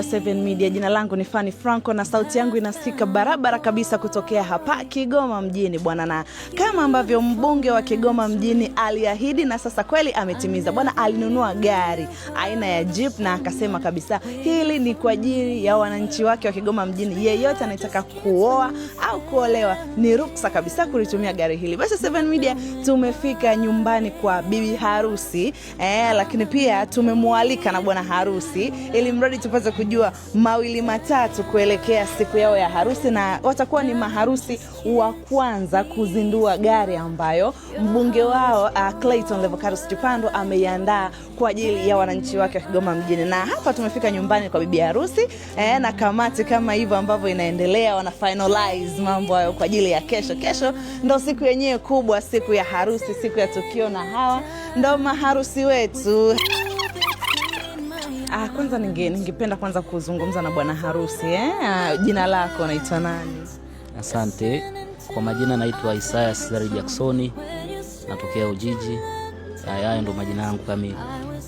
7 Media. Jina langu ni Fani Franco na sauti yangu inasikika barabara kabisa kutokea hapa Kigoma mjini bwana, na kama ambavyo mbunge wa Kigoma mjini aliahidi na sasa kweli ametimiza bwana. Alinunua gari aina ya Jeep na akasema kabisa hili ni kwa ajili ya wananchi wake wa Kigoma mjini. Yeyote anayetaka kuoa au kuolewa ni ruksa kabisa kulitumia gari hili. Basi 7 Media tumefika nyumbani kwa bibi harusi eh, lakini pia tumemwalika na bwana harusi ili mradi tupate kujua mawili matatu kuelekea siku yao ya harusi, na watakuwa ni maharusi wa kwanza kuzindua gari ambayo mbunge wao uh, Clayton Levocatus Chipando ameiandaa kwa ajili ya wananchi wake wa Kigoma mjini. Na hapa tumefika nyumbani kwa bibi harusi eh, na kamati kama hivyo ambavyo inaendelea, wana finalize mambo hayo kwa ajili ya kesho. Kesho ndo siku yenyewe kubwa, siku ya harusi, siku ya tukio, na hawa ndo maharusi wetu. Ah, kwanza ninge, ningependa kwanza kuzungumza na bwana harusi eh? Ah, jina lako naitwa nani? Asante kwa majina, naitwa Isaya Cesar Jacksoni, natokea Ujiji. Ah, Hayo ndo majina yangu kamili.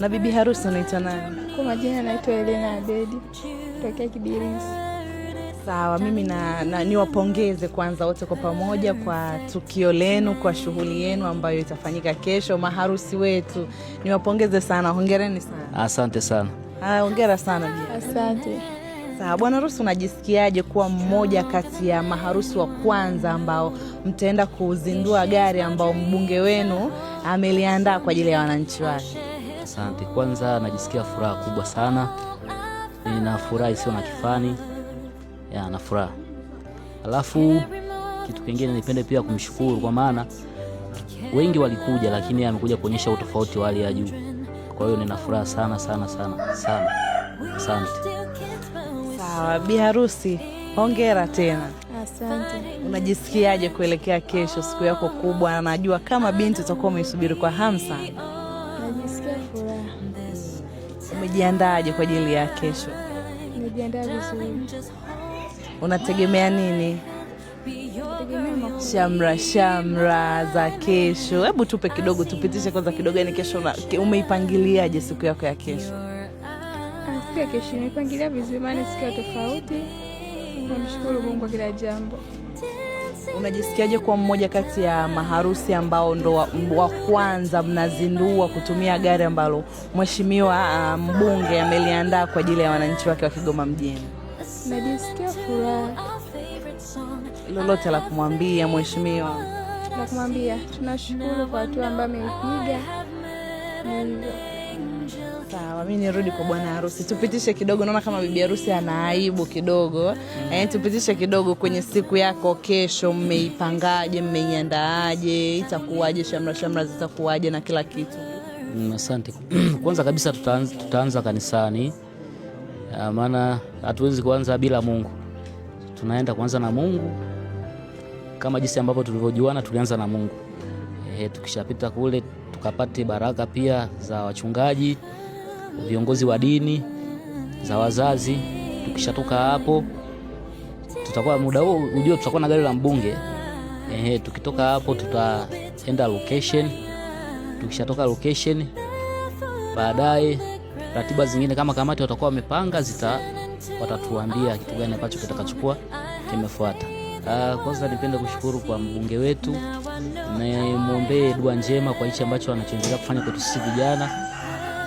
Na bibi harusi anaitwa nani? Kwa majina naitwa Elena Abedi tokea Kibirizi. Sawa, mimi na, na niwapongeze kwanza wote kwa pamoja kwa tukio lenu, kwa shughuli yenu ambayo itafanyika kesho, maharusi wetu. Niwapongeze sana, hongereni sana. Asante sana. Haya, hongera sana bi. Asante. Sawa, bwana harusi, unajisikiaje kuwa mmoja kati ya maharusi wa kwanza ambao mtaenda kuzindua gari ambao mbunge wenu ameliandaa kwa ajili ya wananchi wake? Asante. Kwanza najisikia furaha kubwa sana, nina furaha isiyo na kifani ya na furaha. Alafu kitu kingine nipende pia kumshukuru kwa maana wengi walikuja, lakini amekuja kuonyesha utofauti wa hali ya juu. Kwa hiyo nina furaha sana sana sana sana. Asante. Sawa, bi harusi, hongera tena. Asante. Unajisikiaje kuelekea kesho, siku yako kubwa, na najua kama binti utakuwa umeisubiri kwa hamu sana? Najisikia furaha. Umejiandaaje kwa ajili ya kesho? vizuri. Unategemea nini? shamra shamra za kesho. Hebu tupe kidogo, tupitishe kwanza kidogo, yani kesho umeipangiliaje siku yako ya kesho? Ah, siku ya kesho nimeipangilia vizuri, maana siku ya tofauti. Namshukuru Mungu kwa kila jambo. Unajisikiaje kuwa mmoja kati ya maharusi ambao ndo wa, wa kwanza mnazindua kutumia gari ambalo mheshimiwa ah, mbunge ameliandaa kwa ajili ya wananchi wake wa Kigoma mjini? Najisikia furaha lolote la kumwambia mheshimiwa? La kumwambia, tunashukuru kwa hatua ambayo ameipiga. Sawa, mi nirudi kwa bwana harusi, tupitishe kidogo. Naona kama bibi harusi ana aibu kidogo mm. Eh, tupitishe kidogo kwenye siku yako kesho, mmeipangaje? Mmeiandaaje? Itakuwaje? shamra shamra zitakuwaje na kila kitu? Mm, asante. Kwanza kabisa tutaanza, tutaanza kanisani, ah, maana hatuwezi kuanza bila Mungu tunaenda kuanza na Mungu kama jinsi ambavyo tulivyojuana, tulianza na Mungu. E, tukishapita kule tukapate baraka pia za wachungaji, viongozi wa dini, za wazazi. Tukishatoka hapo tutakuwa muda huo ujio, tutakuwa na gari la mbunge. E, tukitoka hapo tutaenda location. Tukishatoka location, baadaye ratiba zingine kama kamati watakuwa wamepanga zita watatuambia kitu gani ambacho kitakachukua kimefuata. Ah, kwanza nipende kushukuru kwa mbunge wetu, nimwombee dua njema kwa hichi ambacho anachoendelea kufanya kwetu sisi vijana,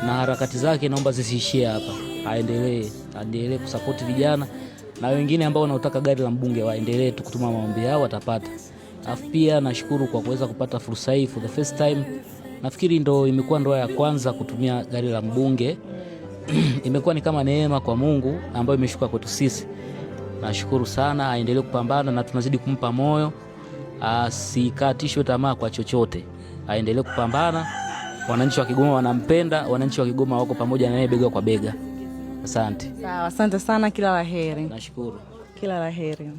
na harakati zake naomba zisiishie hapa, aendelee aendelee kusapoti vijana na wengine ambao wanaotaka gari la mbunge waendelee tu kutuma maombi yao, watapata. Afu pia nashukuru kwa kuweza kupata fursa hii for the first time. Nafikiri ndo imekuwa ndoa ya kwanza kutumia gari la mbunge. imekuwa ni kama neema kwa Mungu ambayo imeshuka kwetu sisi. Nashukuru sana, aendelee kupambana na tunazidi kumpa moyo, asikatishwe tamaa kwa chochote, aendelee kupambana. Wananchi wa Kigoma wanampenda, wananchi wa Kigoma wako pamoja na yeye bega kwa bega. Asante sawa, asante sana, kila laheri. Nashukuru, kila laheri.